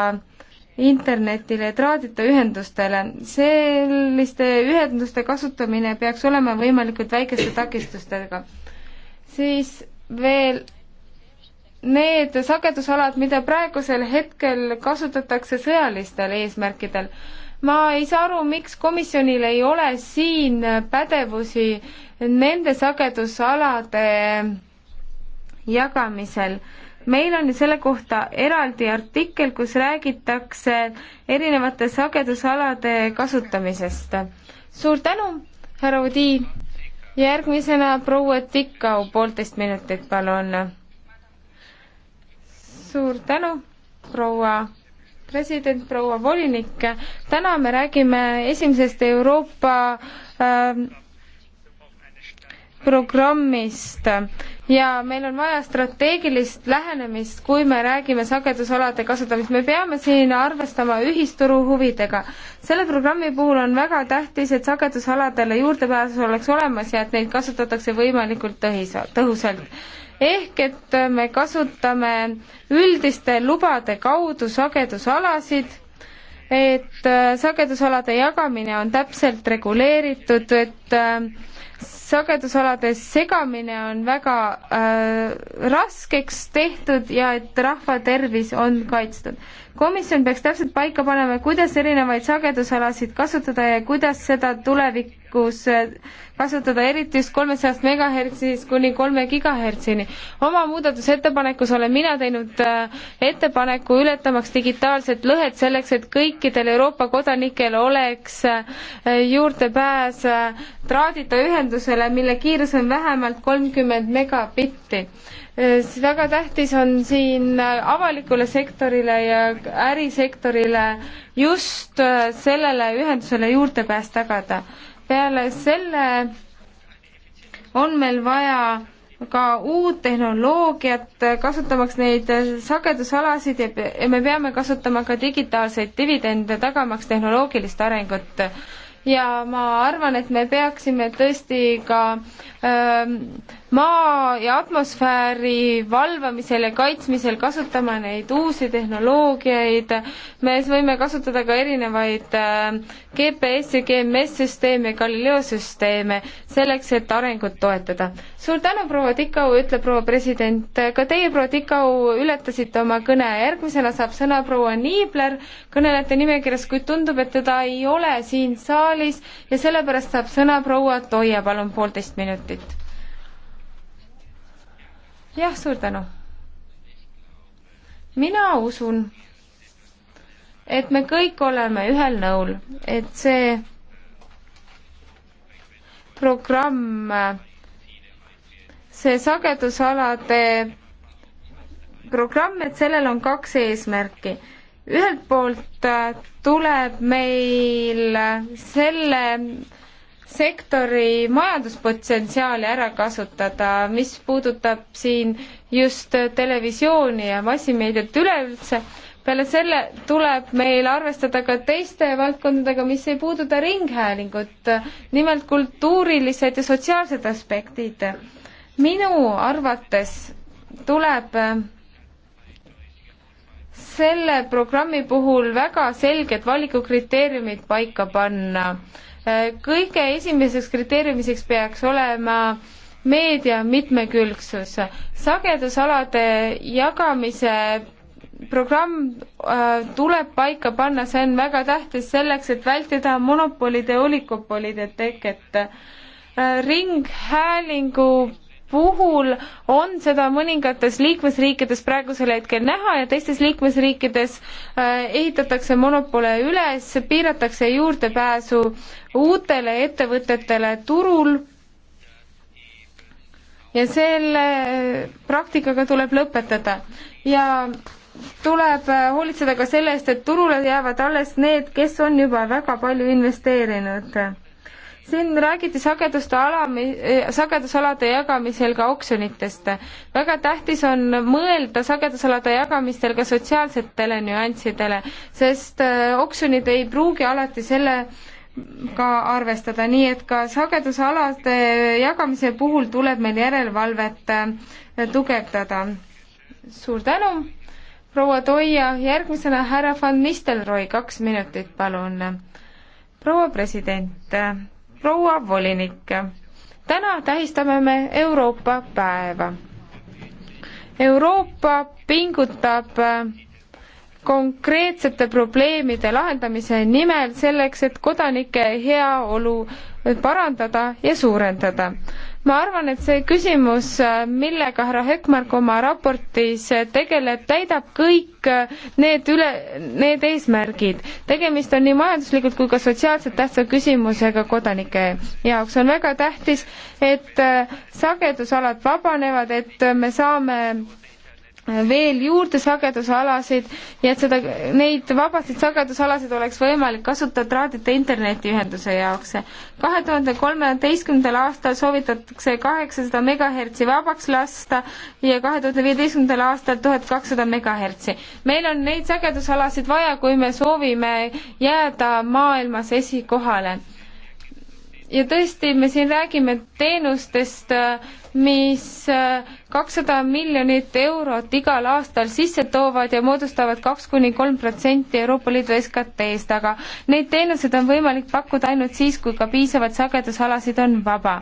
internetile ja traadita ühendustele. selliste ühenduste kasutamine peaks olema võimalikult väikeste takistustega. siis veel need sagedusalad, mida praegusel hetkel kasutatakse sõjalistel eesmärkidel ma ei saa aru, miks komisjonil ei ole siin pädevusi nende sagedusalade jagamisel. meil on ju selle kohta eraldi artikkel, kus räägitakse erinevate sagedusalade kasutamisest. suur tänu, härra Udi. järgmisena proua Tikau, poolteist minutit, palun. suur tänu, proua president, proua volinik, täna me räägime esimesest Euroopa äh, programmist ja meil on vaja strateegilist lähenemist, kui me räägime sagedusalade kasutamist, me peame siin arvestama ühisturu huvidega. selle programmi puhul on väga tähtis, et sagedusaladele juurdepääs oleks olemas ja et neid kasutatakse võimalikult tõhisa, tõhusalt ehk et me kasutame üldiste lubade kaudu sagedusalasid, et äh, sagedusalade jagamine on täpselt reguleeritud, et äh, sagedusalade segamine on väga äh, raskeks tehtud ja et rahva tervis on kaitstud. komisjon peaks täpselt paika panema, kuidas erinevaid sagedusalasid kasutada ja kuidas seda tulevik, võimekus äh, kasutada eriti just kolmesajast megahertsist kuni kolme gigahertsini. oma muudatusettepanekus olen mina teinud äh, ettepaneku ületamaks digitaalset lõhet selleks, et kõikidel Euroopa kodanikel oleks äh, juurdepääs traadita ühendusele, mille kiirus on vähemalt kolmkümmend megabitti väga tähtis on siin avalikule sektorile ja ärisektorile just sellele ühendusele juurdepääs tagada peale selle on meil vaja ka uut tehnoloogiat, kasutamaks neid sagedusalasid ja me peame kasutama ka digitaalseid dividende, tagamaks tehnoloogilist arengut. ja ma arvan, et me peaksime tõesti ka öö, ähm, maa ja atmosfääri valvamisel ja kaitsmisel kasutama neid uusi tehnoloogiaid. me võime kasutada ka erinevaid äh, GPS ja GMS süsteeme, Galileo süsteeme selleks, et arengut toetada. suur tänu, proua Tikau, ütleb proua president. ka teie, proua Tikau, ületasite oma kõne. järgmisena saab sõna proua Niibler kõnelejate nimekirjas, kuid tundub, et teda ei ole siin saalis ja sellepärast saab sõna proua Toia, palun, poolteist minutit jah, suur tänu. mina usun, et me kõik oleme ühel nõul, et see programm, see sagedusalade programm, et sellel on kaks eesmärki. ühelt poolt äh, tuleb meil selle sektori majanduspotentsiaali ära kasutada, mis puudutab siin just televisiooni ja massimeediat üleüldse. peale selle tuleb meil arvestada ka teiste valdkondadega, mis ei puuduta ringhäälingut, nimelt kultuurilised ja sotsiaalsed aspektid. minu arvates tuleb selle programmi puhul väga selged valikukriteeriumid paika panna kõige esimeseks kriteeriumiseks peaks olema meedia mitmekülgsus. sagedusalade jagamise programm äh, tuleb paika panna, see on väga tähtis selleks, et vältida monopolide ja olikopolide teket. Äh, ringhäälingu puhul on seda mõningates liikmesriikides praegusel hetkel näha ja teistes liikmesriikides äh, ehitatakse monopole üles, piiratakse juurdepääsu uutele ettevõtetele turul. ja selle äh, praktikaga tuleb lõpetada ja tuleb äh, hoolitseda ka selle eest, et turule jäävad alles need, kes on juba väga palju investeerinud siin räägiti sageduste alami, sagedusalade jagamisel ka oksjonitest. väga tähtis on mõelda sagedusalade jagamistel ka sotsiaalsetele nüanssidele, sest äh, oksjonid ei pruugi alati selle ka arvestada, nii et ka sagedusalade jagamise puhul tuleb meil järelevalvet äh, tugevdada. suur tänu, proua Toia, järgmisena härra Van Nistelrooy, kaks minutit, palun. proua president proua volinik, täna tähistame me Euroopa päeva. Euroopa pingutab konkreetsete probleemide lahendamise nimel selleks, et kodanike heaolu parandada ja suurendada ma arvan, et see küsimus, äh, millega härra Hökmark oma raportis äh, tegeleb, täidab kõik äh, need üle, need eesmärgid. tegemist on nii majanduslikult kui ka sotsiaalselt tähtsa küsimusega kodanike jaoks. on väga tähtis, et sagedusalad vabanevad, et me saame veel juurde sagedusalasid ja et seda, neid vabasid sagedusalasid oleks võimalik kasutada traadita internetiühenduse jaoks. kahe tuhande kolmeteistkümnendal aastal soovitatakse kaheksasada megahertsi vabaks lasta ja kahe tuhande viieteistkümnendal aastal tuhat kakssada megahertsi. meil on neid sagedusalasid vaja, kui me soovime jääda maailmas esikohale ja tõesti, me siin räägime teenustest, mis äh, kakssada miljonit eurot igal aastal sisse toovad ja moodustavad kaks kuni kolm protsenti Euroopa Liidu SKT-st, aga neid teenuseid on võimalik pakkuda ainult siis, kui ka piisavalt sagedusalasid on vaba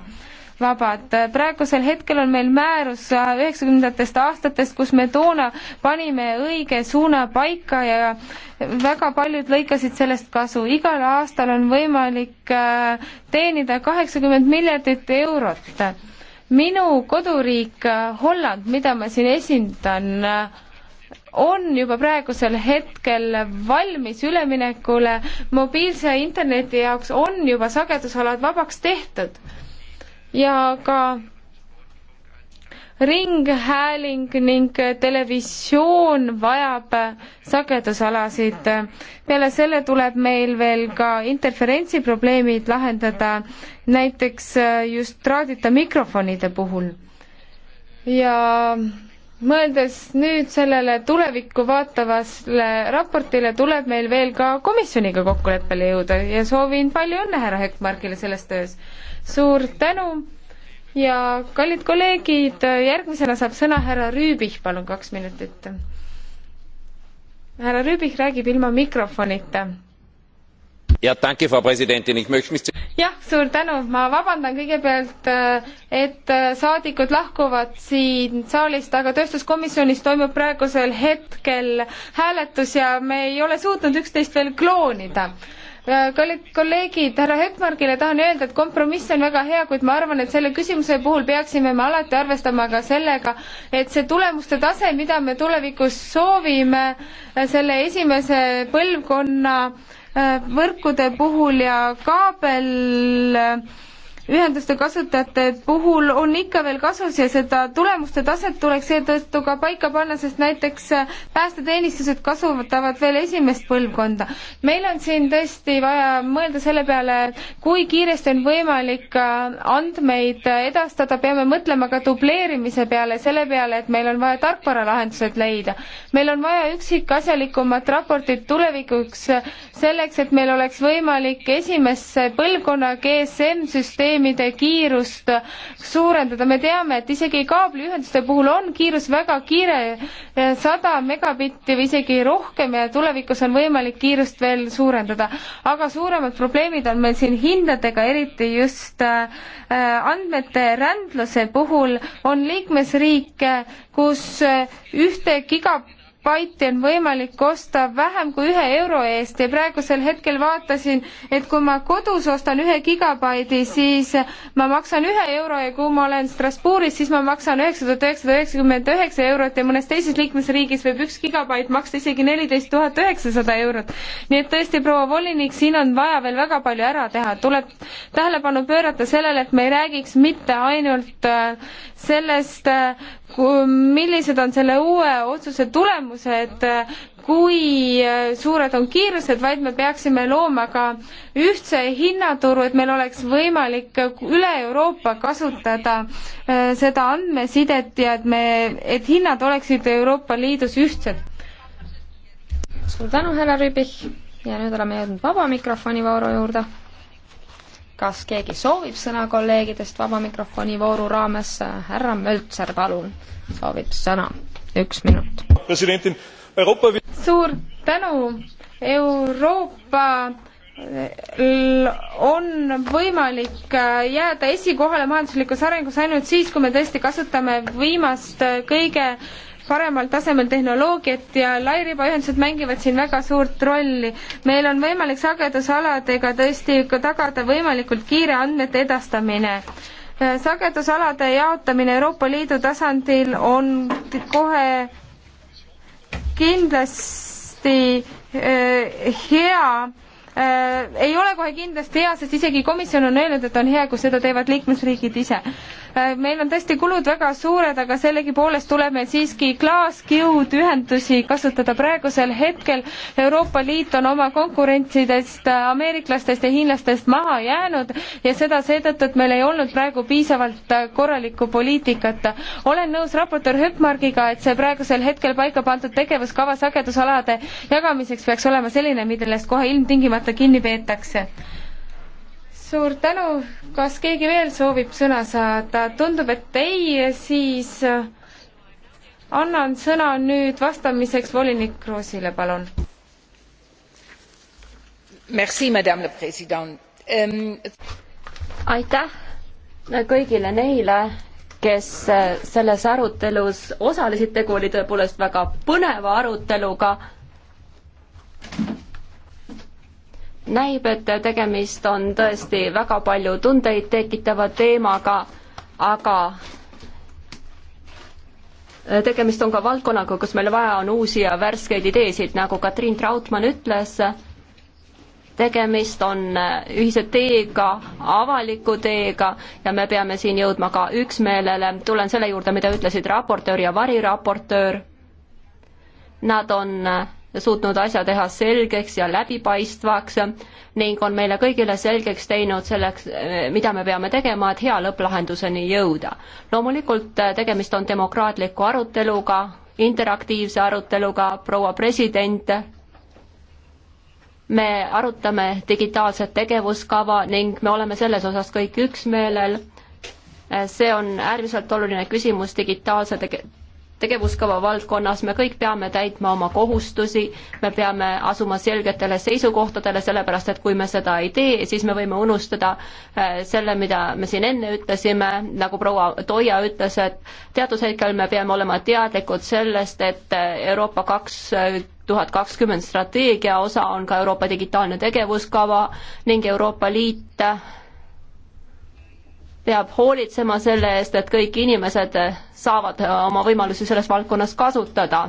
vabad. praegusel hetkel on meil määrus üheksakümnendatest aastatest, kus me toona panime õige suuna paika ja väga paljud lõikasid sellest kasu. igal aastal on võimalik äh, teenida kaheksakümmend miljardit eurot. minu koduriik äh, Holland, mida ma siin esindan, äh, on juba praegusel hetkel valmis üleminekule, mobiilse interneti jaoks on juba sagedusalad vabaks tehtud ja ka ringhääling ning televisioon vajab sagedusalasid. peale selle tuleb meil veel ka interferentsi probleemid lahendada, näiteks just traadita mikrofonide puhul. ja mõeldes nüüd sellele tulevikku vaatavasele raportile, tuleb meil veel ka komisjoniga kokkuleppele jõuda ja soovin palju õnne härra Hökmarkile selles töös. suur tänu ja kallid kolleegid, järgmisena saab sõna härra Rüübih, palun kaks minutit. härra Rüübih räägib ilma mikrofonita jah, suur tänu, ma vabandan kõigepealt, äh, et äh, saadikud lahkuvad siin saalist, aga tööstuskomisjonis toimub praegusel hetkel hääletus ja me ei ole suutnud üksteist veel kloonida äh, kallid kolleegid, härra Hökmargile tahan öelda, et kompromiss on väga hea, kuid ma arvan, et selle küsimuse puhul peaksime me alati arvestama ka sellega, et see tulemuste tase, mida me tulevikus soovime selle esimese põlvkonna Äh, võrkude puhul ja kaabel äh, ühenduste kasutajate puhul on ikka veel kasus ja seda tulemuste taset tuleks seetõttu ka paika panna, sest näiteks päästeteenistused kasutavad veel esimest põlvkonda. meil on siin tõesti vaja mõelda selle peale, kui kiiresti on võimalik andmeid edastada, peame mõtlema ka dubleerimise peale, selle peale, et meil on vaja tarkvaralahendused leida. meil on vaja üksikasjalikumat raportit tulevikuks selleks, et meil oleks võimalik esimesse põlvkonna GSM-süsteemi süsteemide kiirust suurendada. me teame, et isegi kaabliühenduste puhul on kiirus väga kiire, sada megabitti või isegi rohkem ja tulevikus on võimalik kiirust veel suurendada. aga suuremad probleemid on meil siin hindadega, eriti just äh, andmete rändluse puhul on liikmesriike, kus äh, ühte gigab baiti on võimalik osta vähem kui ühe euro eest ja praegusel hetkel vaatasin, et kui ma kodus ostan ühe gigabaidi, siis ma maksan ühe euro ja kui ma olen Strasbourgis, siis ma maksan üheksa tuhat üheksasada üheksakümmend üheksa eurot ja mõnes teises liikmesriigis võib üks gigabait maksta isegi neliteist tuhat üheksasada eurot. nii et tõesti, proua volinik, siin on vaja veel väga palju ära teha, tuleb tähelepanu pöörata sellele, et me ei räägiks mitte ainult äh, sellest, äh, millised on selle uue otsuse tulemused, kui äh, suured on kiirused, vaid me peaksime looma ka ühtse hinnaturu, et meil oleks võimalik üle Euroopa kasutada äh, seda andmesidet ja et me, et hinnad oleksid Euroopa Liidus ühtsed. suur tänu, härra Rüübich ja nüüd oleme jõudnud vaba mikrofoni vooru juurde kas keegi soovib sõna kolleegidest vaba mikrofoni vooru raames? härra Möltser, palun, soovib sõna. üks minut. Euroopa... suur tänu, Euroopa on võimalik äh, jääda esikohale majanduslikus arengus ainult siis, kui me tõesti kasutame viimast äh, kõige äh, paremal tasemel tehnoloogiat ja lairibaühendused mängivad siin väga suurt rolli. meil on võimalik sagedusaladega tõesti ka tagada võimalikult kiire andmete edastamine. Äh, sagedusalade jaotamine Euroopa Liidu tasandil on kohe kindlasti äh, hea äh, ei ole kohe kindlasti hea, sest isegi komisjon on öelnud, et on hea, kui seda teevad liikmesriigid ise Äh, meil on tõesti kulud väga suured, aga sellegipoolest tuleb meil siiski klaaskiud ühendusi kasutada. praegusel hetkel Euroopa Liit on oma konkurentsidest, äh, ameeriklastest ja hiinlastest maha jäänud ja seda seetõttu, et meil ei olnud praegu piisavalt äh, korralikku poliitikat. olen nõus raportöör Höppmargiga, et see praegusel hetkel paika pandud tegevuskava sagedusalade jagamiseks peaks olema selline, millest kohe ilmtingimata kinni peetakse suur tänu, kas keegi veel soovib sõna saada, tundub, et ei, siis äh, annan sõna nüüd vastamiseks volinik Kroosile, palun. aitäh kõigile neile, kes äh, selles arutelus osalesid, tegu oli tõepoolest väga põneva aruteluga näib, et tegemist on tõesti väga palju tundeid tekitava teemaga, aga tegemist on ka valdkonnaga, kus meil vaja on uusi ja värskeid ideesid, nagu Katrin Trautmann ütles, tegemist on ühise teega, avaliku teega ja me peame siin jõudma ka üksmeelele. tulen selle juurde, mida ütlesid raportöör ja variraportöör. Nad on suutnud asja teha selgeks ja läbipaistvaks ning on meile kõigile selgeks teinud selleks, mida me peame tegema, et hea lõpplahenduseni jõuda. loomulikult äh, tegemist on demokraatliku aruteluga, interaktiivse aruteluga, proua president, me arutame digitaalset tegevuskava ning me oleme selles osas kõik üksmeelel äh, see on äärmiselt oluline küsimus digitaalse tege tegevuskava valdkonnas, me kõik peame täitma oma kohustusi, me peame asuma selgetele seisukohtadele, sellepärast et kui me seda ei tee, siis me võime unustada äh, selle, mida me siin enne ütlesime, nagu proua Toia ütles, et teatud hetkel me peame olema teadlikud sellest, et äh, Euroopa kaks äh, tuhat kakskümmend strateegia osa on ka Euroopa digitaalne tegevuskava ning Euroopa Liit peab hoolitsema selle eest, et kõik inimesed saavad oma võimalusi selles valdkonnas kasutada.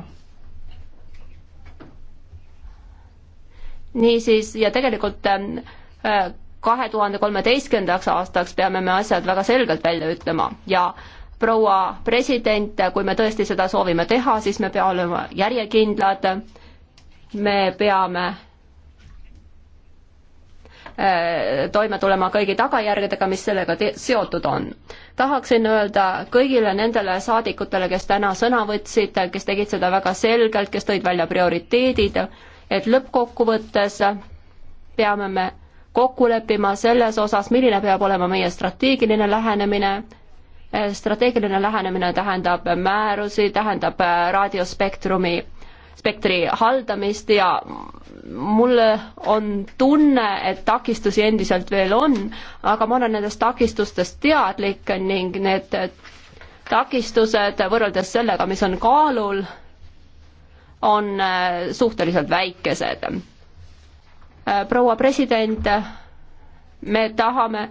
niisiis, ja tegelikult äh, kahe tuhande kolmeteistkümnendaks aastaks peame me asjad väga selgelt välja ütlema ja proua president, kui me tõesti seda soovime teha, siis me peame olema järjekindlad, me peame Äh, toime tulema kõigi tagajärgedega, mis sellega seotud on. tahaksin öelda kõigile nendele saadikutele, kes täna sõna võtsid, kes tegid seda väga selgelt, kes tõid välja prioriteedid, et lõppkokkuvõttes peame me kokku leppima selles osas, milline peab olema meie strateegiline lähenemine, äh, strateegiline lähenemine tähendab määrusi, tähendab äh, raadiospektrumi spektri haldamist ja mulle on tunne, et takistusi endiselt veel on, aga ma olen nendest takistustest teadlik ning need takistused võrreldes sellega, mis on kaalul, on äh, suhteliselt väikesed. Äh, proua president, me tahame,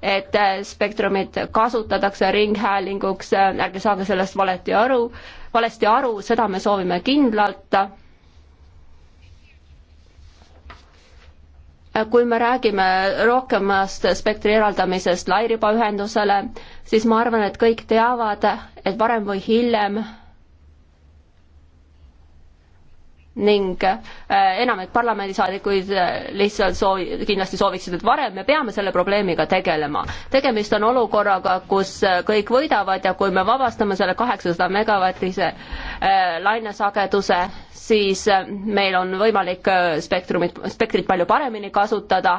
et äh, spektrumit kasutatakse ringhäälinguks, ärge saage sellest valeti aru, valesti aru, seda me soovime kindlalt. kui me räägime rohkemast spektri eraldamisest lairibaühendusele, siis ma arvan, et kõik teavad, et varem või hiljem ning äh, enamik parlamendisaadikuid äh, lihtsalt soovi, kindlasti sooviksid, et varem me peame selle probleemiga tegelema. tegemist on olukorraga, kus äh, kõik võidavad ja kui me vabastame selle kaheksasada megavatise lainesageduse, siis meil on võimalik spektrumit, spektrit palju paremini kasutada,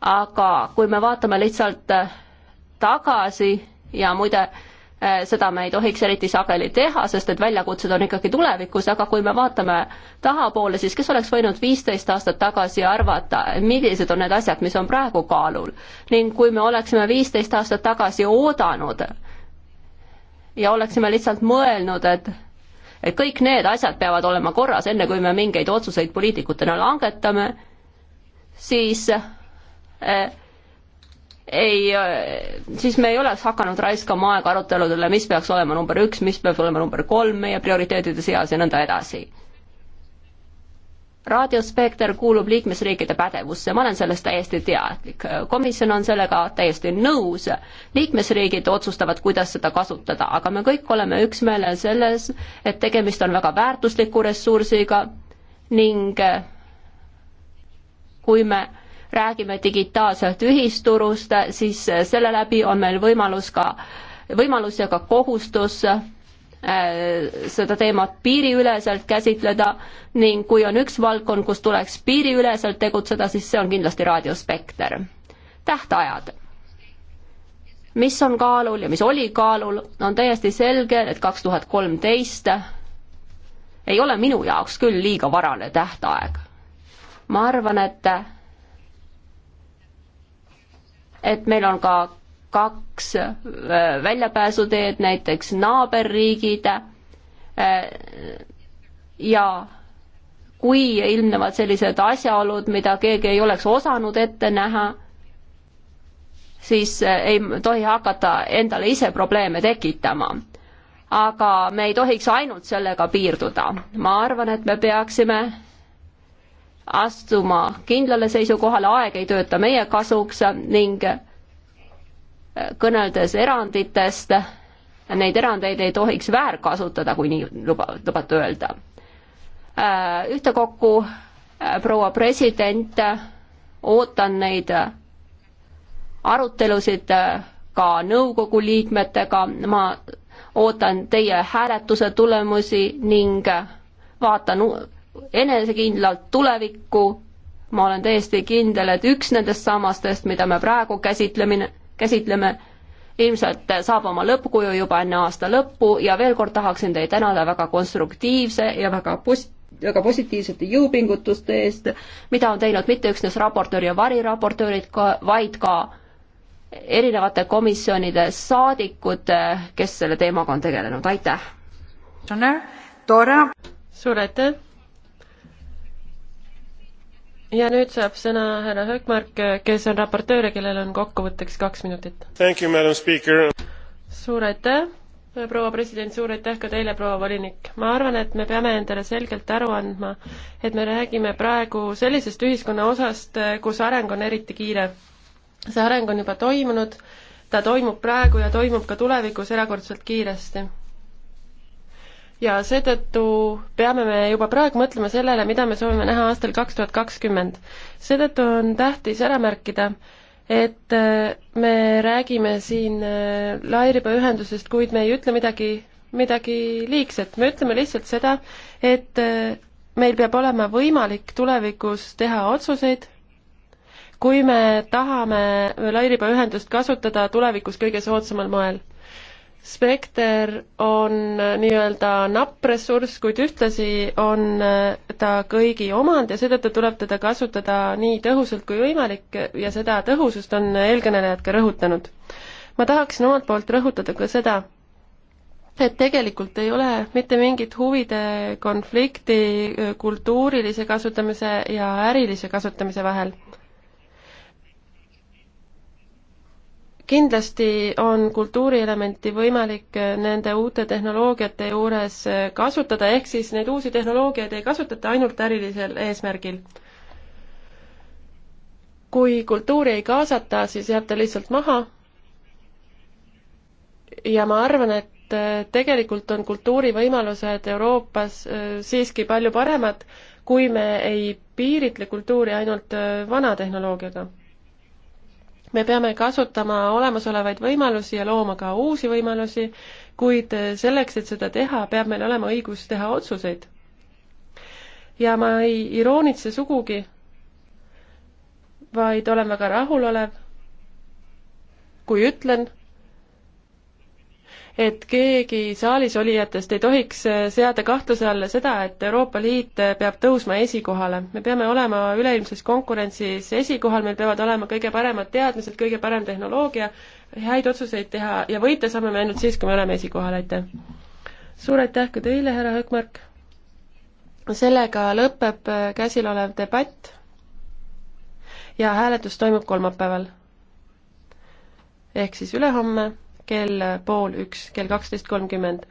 aga kui me vaatame lihtsalt tagasi ja muide, Eh, seda me ei tohiks eriti sageli teha, sest et väljakutsed on ikkagi tulevikus, aga kui me vaatame tahapoole, siis kes oleks võinud viisteist aastat tagasi arvata, millised on need asjad, mis on praegu kaalul. ning kui me oleksime viisteist aastat tagasi oodanud ja oleksime lihtsalt mõelnud, et et kõik need asjad peavad olema korras, enne kui me mingeid otsuseid poliitikutena langetame, siis eh, ei, äh, siis me ei oleks hakanud raiskama aega aruteludele, mis peaks olema number üks, mis peaks olema number kolm meie prioriteetide seas ja nõnda edasi. raadiospekter kuulub liikmesriikide pädevusse, ma olen sellest täiesti teadlik. komisjon on sellega täiesti nõus, liikmesriigid otsustavad, kuidas seda kasutada, aga me kõik oleme üksmeelel selles, et tegemist on väga väärtusliku ressursiga ning kui me räägime digitaalselt ühisturust, siis selle läbi on meil võimalus ka, võimalus ja ka kohustus äh, seda teemat piiriüleselt käsitleda ning kui on üks valdkond, kus tuleks piiriüleselt tegutseda, siis see on kindlasti raadiospekter. tähtajad, mis on kaalul ja mis oli kaalul, on täiesti selge, et kaks tuhat kolmteist ei ole minu jaoks küll liiga varane tähtaeg. ma arvan, et et meil on ka kaks äh, väljapääsuteed, näiteks naaberriigid äh, ja kui ilmnevad sellised asjaolud, mida keegi ei oleks osanud ette näha, siis äh, ei tohi hakata endale ise probleeme tekitama. aga me ei tohiks ainult sellega piirduda. ma arvan, et me peaksime astuma kindlale seisukohale, aeg ei tööta meie kasuks ning äh, kõneldes eranditest, neid erandeid ei tohiks väärkasutada, kui nii luba, lubate öelda. Äh, ühtekokku, äh, proua president, ootan neid arutelusid ka nõukogu liikmetega, ma ootan teie hääletuse tulemusi ning vaatan enesekindlalt tulevikku. ma olen täiesti kindel, et üks nendest sammastest, mida me praegu käsitlemine, käsitleme, ilmselt saab oma lõppkuju juba enne aasta lõppu ja veel kord tahaksin teid tänada väga konstruktiivse ja väga pos-, väga positiivsete jõupingutuste eest, mida on teinud mitte üksnes raportöör ja variraportöörid ka, vaid ka erinevate komisjonide saadikud, kes selle teemaga on tegelenud, aitäh! suur aitäh! ja nüüd saab sõna härra Höökmark, kes on raportöör ja kellel on kokkuvõtteks kaks minutit. suur aitäh, proua president, suur aitäh ka teile, proua volinik. ma arvan, et me peame endale selgelt aru andma, et me räägime praegu sellisest ühiskonna osast, kus areng on eriti kiire. see areng on juba toimunud, ta toimub praegu ja toimub ka tulevikus erakordselt kiiresti ja seetõttu peame me juba praegu mõtlema sellele, mida me soovime näha aastal kaks tuhat kakskümmend. seetõttu on tähtis ära märkida, et äh, me räägime siin äh, lairibaühendusest, kuid me ei ütle midagi, midagi liigset, me ütleme lihtsalt seda, et äh, meil peab olema võimalik tulevikus teha otsuseid, kui me tahame lairibaühendust kasutada tulevikus kõige soodsamal moel spekter on äh, nii-öelda napp ressurss, kuid ühtlasi on äh, ta kõigi omand ja seetõttu tuleb teda kasutada nii tõhusalt kui võimalik ja seda tõhusust on eelkõnelejad ka rõhutanud. ma tahaksin omalt poolt rõhutada ka seda, et tegelikult ei ole mitte mingit huvide konflikti äh, kultuurilise kasutamise ja ärilise kasutamise vahel kindlasti on kultuurielementi võimalik nende uute tehnoloogiate juures kasutada, ehk siis neid uusi tehnoloogiaid ei kasutata ainult ärilisel eesmärgil. kui kultuuri ei kaasata, siis jääb ta lihtsalt maha ja ma arvan, et tegelikult on kultuurivõimalused Euroopas äh, siiski palju paremad, kui me ei piiritle kultuuri ainult äh, vana tehnoloogiaga me peame kasutama olemasolevaid võimalusi ja looma ka uusi võimalusi, kuid selleks, et seda teha, peab meil olema õigus teha otsuseid. ja ma ei iroonitse sugugi, vaid olen väga rahulolev, kui ütlen, et keegi saalis olijatest ei tohiks äh, seada kahtluse alla seda, et Euroopa Liit äh, peab tõusma esikohale. me peame olema üleilmses konkurentsis esikohal, meil peavad olema kõige paremad teadmised, kõige parem tehnoloogia, häid otsuseid teha ja võita saame me ainult siis, kui me oleme esikohal, aitäh! suur aitäh ka teile, härra Hökmark! sellega lõpeb äh, käsilolev debatt ja hääletus toimub kolmapäeval. ehk siis ülehomme kell pool üks, kell kaksteist kolmkümmend